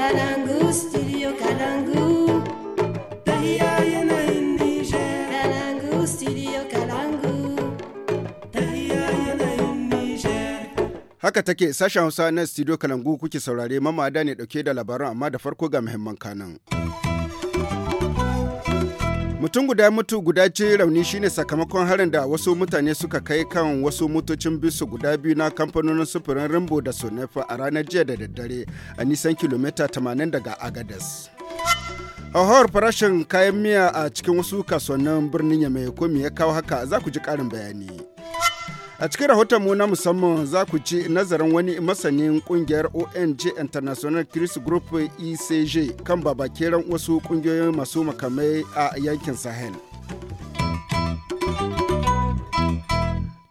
Kalangu, studio Kalangu. Tahiya yanayin Nijar. Kalangu, studio Kalangu. Tahiya yanayin Nijar. Haka take sashen Hausa na studio Kalangu kuke saurare mamada ne dauke da labaran amma da farko ga muhimman kanan. mutum guda mutu guda ce rauni shine sakamakon harin da wasu mutane suka kai kan wasu motocin bisu guda biyu na kamfanonin sufurin rimbo da sonefa a ranar jiya da daddare a nisan kilomita 80 daga agadas hauhawar farashin kayan miya a cikin wasu kasuwannin birnin yamai ko me ya kawo haka za ku ji karin bayani A cikin rahoton mu na musamman za ku ci nazarin wani masanin kungiyar ONG International christ Group ECG kan babakeran wasu kungiyoyin masu makamai a yankin Sahel.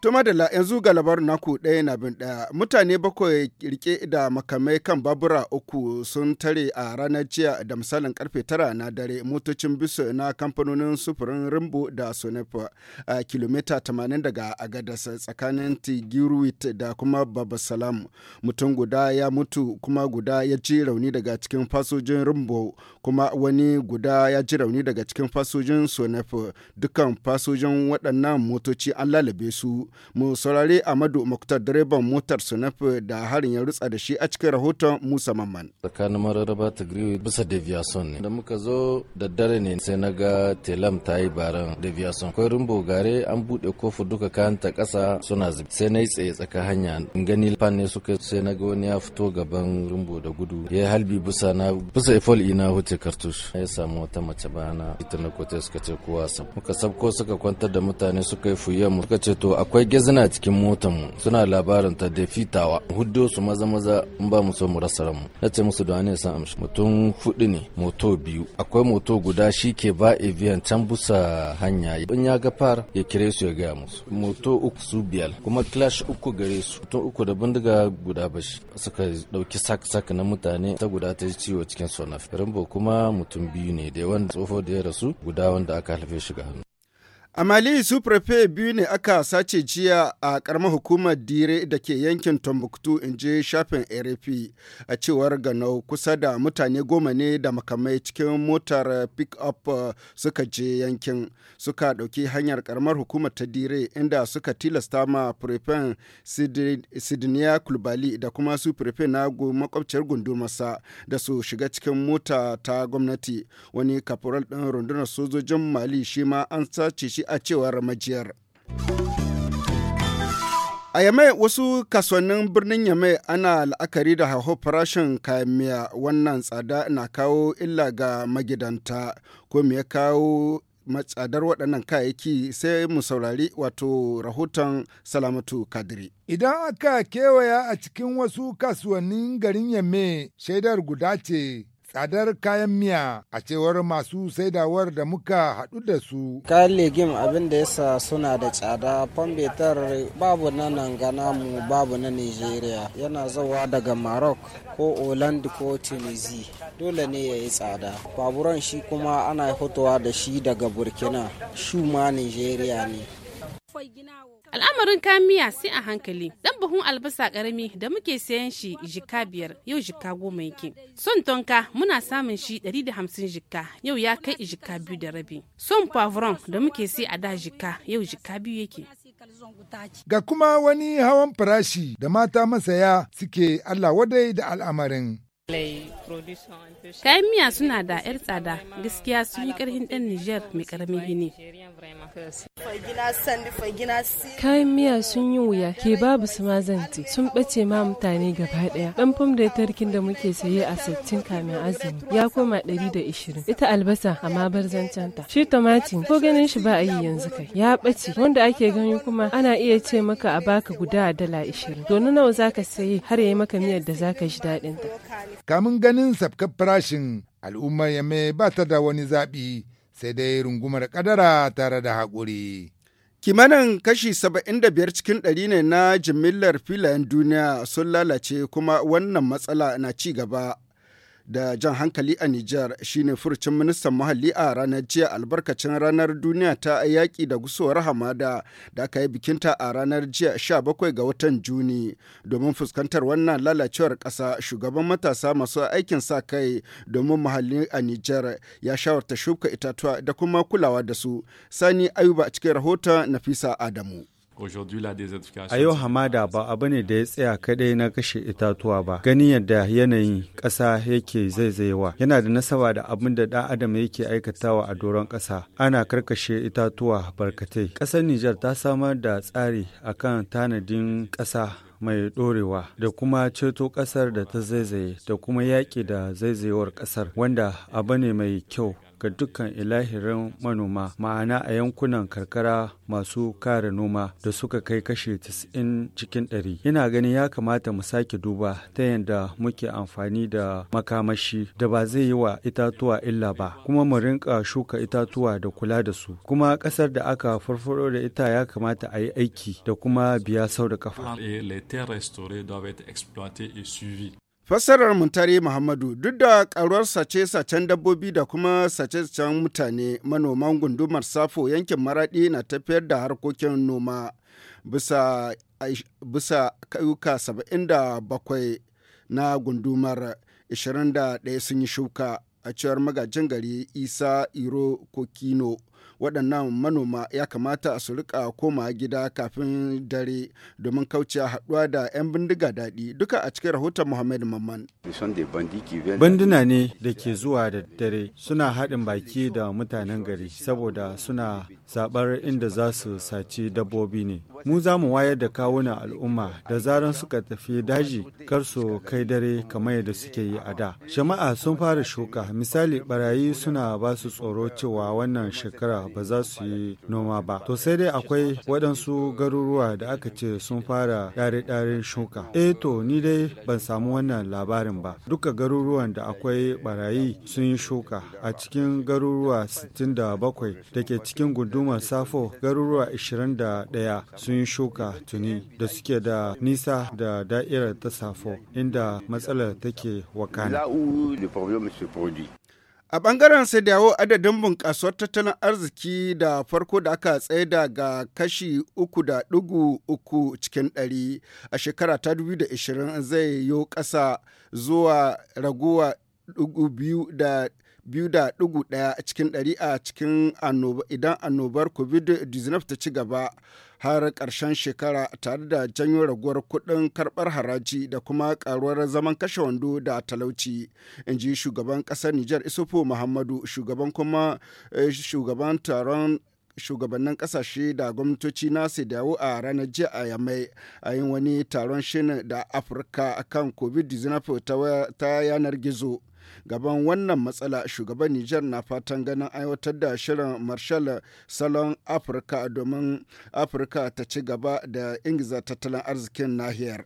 Tuma da yanzu ga labarin naku ɗaya na bin ɗaya mutane bakwai rike da makamai kan babura uku sun tare a ranar jiya da misalin karfe tara na dare motocin biso na kamfanonin sufurin rimbo da sonefa a kilomita 80 daga agadas tsakanin tigirwit da kuma babasalam mutum guda ya mutu kuma guda ya ji rauni daga cikin fasojin rimbo kuma wani guda ya ji rauni daga cikin fasojin sonefa dukkan fasojin waɗannan motoci an lalabe su mu saurari Amadu Muktar direban motar Sunaf da harin ya rutsa da shi a cikin rahoton Musa Mamman. Tsakanin mararaba ta Griwi bisa Deviason ne. Da muka zo da dare ne sai na ga Telam ta yi baran deviason Akwai rumbo gare an buɗe kofu duka kayan ta kasa. suna zubi. Sai na yi tsaye tsaka hanya. In gani fan ne suka sai na ga wani ya fito gaban rumbo da gudu. Ya halbi bisa na bisa ifol ina huce kartush. Ya samu wata mace bana ita na kote suka ce kowa sam. Muka sabko suka kwantar da mutane suka yi fuyen mu suka ce to akwai akwai gezina cikin motar mu suna labarin ta da fitawa huddo su maza maza in ba mu so mu rasa ranmu na ce musu da ne san amshi mutum fudu ne moto biyu akwai moto guda shi ke ba evian can busa hanya in ya ga far ya kire su ya gaya musu moto uku su biyar kuma clash uku gare su mutum uku da bindiga guda bashi suka dauki sak sak na mutane ta guda ta ciwo cikin sonaf rimbo kuma mutum biyu ne da wanda tsoho da ya rasu guda wanda aka halfe shiga hannu A Mali sufurfe biyu ne aka sace jiya a karamar hukumar Dire da ke yankin Tombuktu in je shafin RFI a cewar Ganau kusa da mutane goma ne da makamai cikin motar pick-up uh, suka je yankin suka ɗauki hanyar karamar hukumar ta Dire inda suka tilasta ma prefen Sidiniya Kulbali da kuma su sufurfe na makwabciyar gundumarsa da su shiga cikin mota ta gwamnati wani kafural ɗin rundunar sojojin Mali shi ma an sace shi a cewar majiyar. A Yamai wasu kasuwannin birnin Yamai ana la'akari da hauhau farashin kayan miya wannan tsada na kawo illa ga magidanta ko me ya kawo matsadar waɗannan kayayyaki sai mu saurari wato rahoton salamatu kadiri. Idan aka kewaya a cikin wasu kasuwannin garin Yamme shaidar guda ce tsadar kayan miya a cewar masu saidawar da muka haɗu da su. Kayan legim abin da yasa suna da tsada fambetar babu na nangana mu babu na Nigeria yana zawa daga Maroc ko Oland ko Tunisi dole ne ya yi tsada. Baburan shi kuma ana fitowa da shi daga Burkina shuma Nigeria ne. al'amarin kayan miya sai a hankali dan buhun albasa karami da muke sayan shi jika biyar yau jika goma yake son tonka muna samun shi 150 jika yau ya kai jika biyu da rabi son pavron da muke sai a da jika yau jika biyu yake ga kuma wani hawan farashi da mata masaya suke Allah wadai da al'amarin Kayan miya suna da 'yar tsada gaskiya sun yi karhin ɗan Nijar mai ƙaramin gini. Kayan miya sun yi wuya ke babu su mazanti sun ɓace ma mutane gaba ɗaya. Ɗan fam da tarkin da muke saye a sattin kamin azumi ya koma ɗari da ishirin. Ita albasa amma bar zancanta. Shi tomatin ko ganin shi ba a yi yanzu kai ya ɓace wanda ake gani kuma ana iya ce maka a baka guda a dala ishirin. Donu nawa zaka saye har ya yi maka miyar da zaka ji ta kamun ganin sabkar farashin al'ummar yame ba ta da wani zaɓi sai dai rungumar kadara tare da haƙuri. Kimanin kashi 75 cikin ɗari ne na jimillar filayen duniya sun lalace kuma wannan matsala na ci gaba da jan hankali a Nijar shine furucin ministan muhalli a ranar jiya albarkacin ranar duniya ta yaƙi da gusowar hamada da aka yi bikinta a ranar jiya 17 ga watan Juni. Domin fuskantar wannan lalacewar ƙasa shugaban matasa masu aikin sa kai domin muhalli a Nijar ya shawarta shuka itatuwa da kuma kulawa da su. Sani Ayuba cikin rahoton Nafisa Adamu. A yau hamada ba abu ne da ya tsaya kadai na kashe itatuwa ba. Ganin yadda yanayin ƙasa yake zaizayewa yana da nasaba da abin da ɗan adam yake aikatawa a doron ƙasa. Ana karkashe itatuwa barkatai. Ƙasar Nijar ta samar da tsari akan tanadin ƙasa mai ɗorewa da kuma ceto ƙasar da ta zaizaye da kuma yaƙi da zaizayewar ƙasar wanda abu ne mai kyau ga dukkan ilahirin manoma ma'ana a yankunan karkara masu kare noma da suka kai kashe 90 cikin 100 ina ganin ya kamata mu sake duba ta yadda muke amfani da makamashi da ba zai yi wa itatuwa illa ba kuma mu rinka shuka itatuwa da kula da su kuma ƙasar da aka farfaro da ita ya kamata a yi aiki da kuma biya sau da kafa Fassarar Muntari Muhammadu duk da karuwar sace-sacen dabbobi da kuma sace-sacen mutane manoman gundumar Safo yankin Maradi na tafiyar da harkokin noma bisa bisa kayuka 77 na gundumar 21 sun yi shuka a cewar magajin gari Isa Iro Kokino. waɗannan manoma ya kamata su rika koma gida kafin dare domin kaucewa haɗuwa da 'yan bindiga daɗi duka a cikin rahoton muhammad mamman banduna ne da ke zuwa da dare suna haɗin baki da mutanen gari saboda suna zaɓar inda za su saci dabbobi ne mu za mu wayar da kawunan al'umma da zaran suka tafi daji kar su kai dare kamar yadda suke yi a da jama'a sun fara shuka misali barayi suna ba su tsoro cewa wannan shekara ba za su yi noma ba to sai dai akwai waɗansu garuruwa da aka ce sun fara ɗare-ɗaren shuka eh to ni dai ban samu wannan labarin ba duka garuruwan da akwai barayi sun yi shuka a cikin garuruwa 67 da ke cikin gunduma safo garuruwa 21 sun sun shuka tuni da suke da nisa da da'irar ta safo inda matsalar take wakana. A ɓangaren sai dawo adadin bunƙasuwar tattalin arziki da farko da aka tsaida ga kashi uku cikin ɗari a shekara ta 2020 zai yi ƙasa zuwa raguwa biyu da biyu da 2.1 cikin ɗari a cikin idan annobar covid-19 ta ci gaba har ƙarshen shekara tare da janyo raguwar kuɗin karɓar haraji da kuma ƙaruwar zaman kashe wando da talauci in ji shugaban ƙasar nijar isufu muhammadu shugaban kuma eh, shugaban taron shugabannin kasashe da gwamnatoci na dawo a ranar jiya a yamai a yin wani taron shinin da afirka kan covid-19 ta yanar gizo Gaban wannan matsala shugaban niger na fatan ganin aiwatar da shirin marshal Salon Afirka domin Afirka ta ci gaba da ingiza tattalin arzikin nahiyar.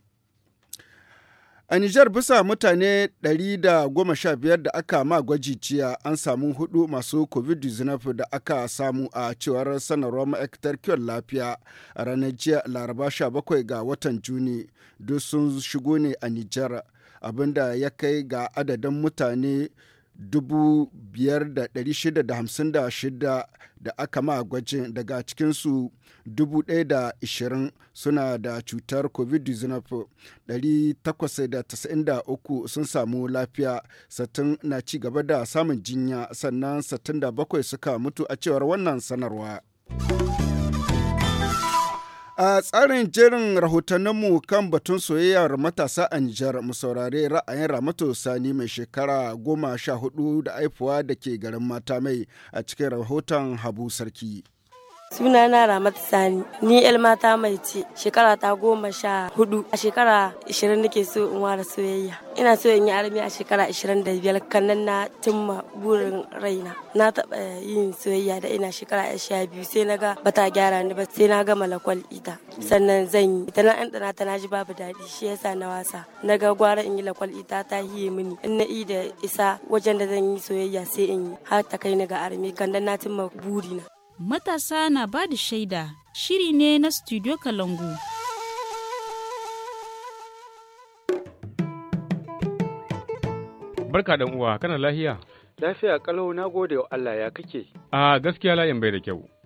A niger bisa mutane 115 da aka ma gwaji jiya an samu hudu masu COVID-19 da aka samu a cewar sanarwar ma'aikatar kiwon lafiya a ranar jiya Laraba 17 ga watan Juni duk sun shigo ne a niger. abinda ya kai ga adadin mutane 5,656 da aka ma gwajin daga cikinsu 1,020 suna da cutar covid-19 893 sun samu lafiya satin na ci gaba da samun jinya sannan 67 suka mutu a cewar wannan sanarwa. A tsarin jerin rahotanninmu kan batun soyayyar matasa a Nijar mu saurare ra'ayin Ramatu Sani mai shekara goma sha hudu da aifuwa da ke garin mata mai a cikin rahoton Habu Sarki. suna na ramat sani ni el mata mai ce shekara ta goma sha hudu a shekara ishirin nake so in ware soyayya ina so in yi armi a shekara ishirin da biyar kannan na cimma burin raina na taba yin soyayya da ina shekara sha biyu sai na ga bata gyara ni ba sai na gama lakwal ita sannan zan yi ita na ɗan dana ta naji babu daɗi shi yasa na wasa na ga gwara in yi lakwal ita ta hiye mini in na i da isa wajen da zan yi soyayya sai in yi har ta kai ni ga armi kannan na cimma burina Matasa na ba da shaida shiri ne na Studio Kalangu. Barka ɗan uwa kana lahiya? Lafiya kalau na gode wa Allah ya kake. A gaskiya layin bai da kyau.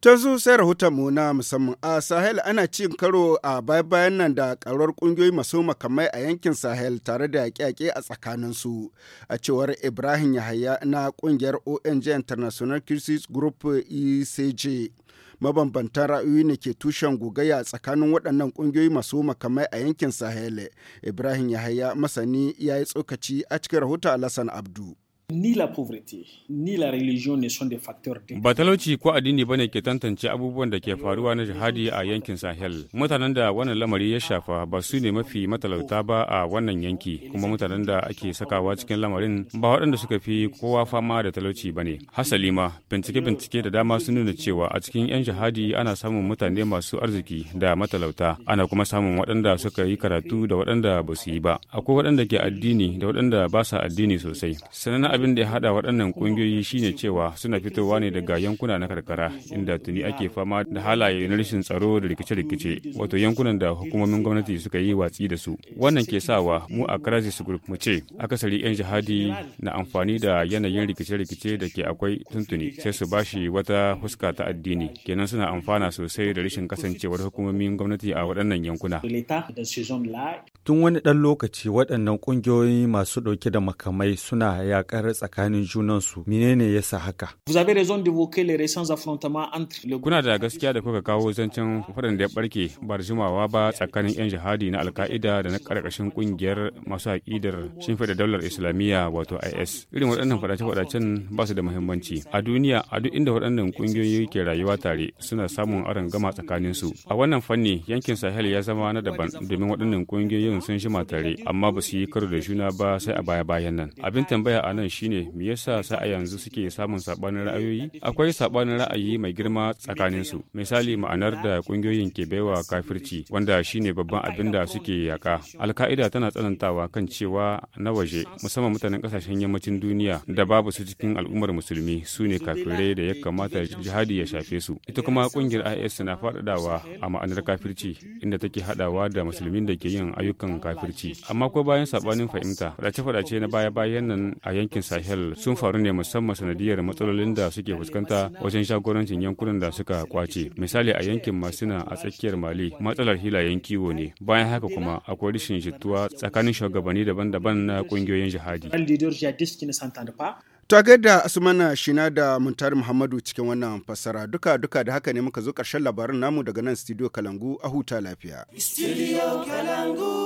ta zo sai rahoton mu na musamman a sahel ana cin karo a bayan nan da karuwar kungiyoyi masu makamai a yankin sahel tare da yaƙe-yaƙe a tsakanin su a cewar ibrahim yahaya na kungiyar ong international crisis group ecj mabambantan ra'ayoyi ne ke tushen gogayya tsakanin waɗannan ƙungiyoyi masu makamai a yankin sahel ibrahim yahaya masani ya yi tsokaci a cikin rahoton alasan abdu Ni la pauvreté, ni la religion ne sont des facteurs de... Ba talauci ko addini bane ke tantance abubuwan da ke faruwa na jihadi a yankin Sahel. Mutanen da wannan lamari ya shafa ba su ne mafi matalauta ba a wannan yanki, kuma mutanen da ake sakawa cikin lamarin ba waɗanda suka fi kowa fama da talauci bane. Hasali ma, bincike-bincike da dama sun nuna cewa a cikin 'yan jihadi ana samun mutane masu arziki da matalauta, ana kuma samun waɗanda suka yi karatu da waɗanda ba su yi ba. Akwai waɗanda ke addini da waɗanda ba sa addini sosai. Sanana abin da ya haɗa waɗannan ƙungiyoyi shine cewa suna fitowa ne daga yankuna na karkara inda tuni ake fama da halaye na rashin tsaro da rikice-rikice wato yankunan da hukumomin gwamnati suka yi watsi da su. Wannan ke sawa mu a Crisis Group mu ce akasari 'yan jihadi na amfani da yanayin rikice-rikice da ke akwai tuntuni sai su bashi wata fuska ta addini kenan suna amfana sosai da rashin kasancewar hukumomin gwamnati a waɗannan yankuna. Tun wani ɗan lokaci waɗannan ƙungiyoyi masu ɗauke da makamai suna yaƙar har tsakanin junansu menene yasa haka kuna da gaskiya da kuka kawo zancen faɗan da ya barke ba jimawa ba tsakanin yan jihadi na alka'ida da na karkashin ƙungiyar masu aƙidar shimfiɗa daular islamiyya wato is irin waɗannan faɗace-faɗacen ba su da muhimmanci a duniya a duk inda waɗannan kungiyoyi ke rayuwa tare suna samun aron gama su. a wannan fanni yankin sahel ya zama na daban domin waɗannan kungiyoyin sun shima tare amma ba su yi karo da juna ba sai a baya-bayan nan abin tambaya a nan shine me yasa sa a yanzu suke samun sabanin ra'ayoyi akwai sabanin ra'ayi mai girma tsakanin su misali ma'anar da kungiyoyin ke baiwa kafirci wanda shine babban abin da suke yaka alka'ida tana tsanantawa kan cewa na waje musamman mutanen kasashen yammacin duniya da babu su cikin al'ummar musulmi su ne kafirai da ya kamata jihadi ya shafe su ita kuma kungiyar is na faɗaɗawa a ma'anar kafirci inda take haɗawa da musulmin da ke yin ayyukan kafirci amma ko bayan sabanin fahimta fadace-fadace na baya-bayan nan a yankin sahel sun faru ne musamman sanadiyar matsalolin da suke fuskanta wajen shagorancin yankunan da suka kwace misali a yankin masina a tsakiyar mali matsalar hilayen kiwo ne bayan haka kuma akwai rashin jituwa tsakanin shugabanni daban-daban na kungiyoyin jihadi ta gaida asumana shina da muntar muhammadu cikin wannan fassara duka duka da haka ne muka zo karshen labarin namu daga nan studio kalangu a huta lafiya studio kalangu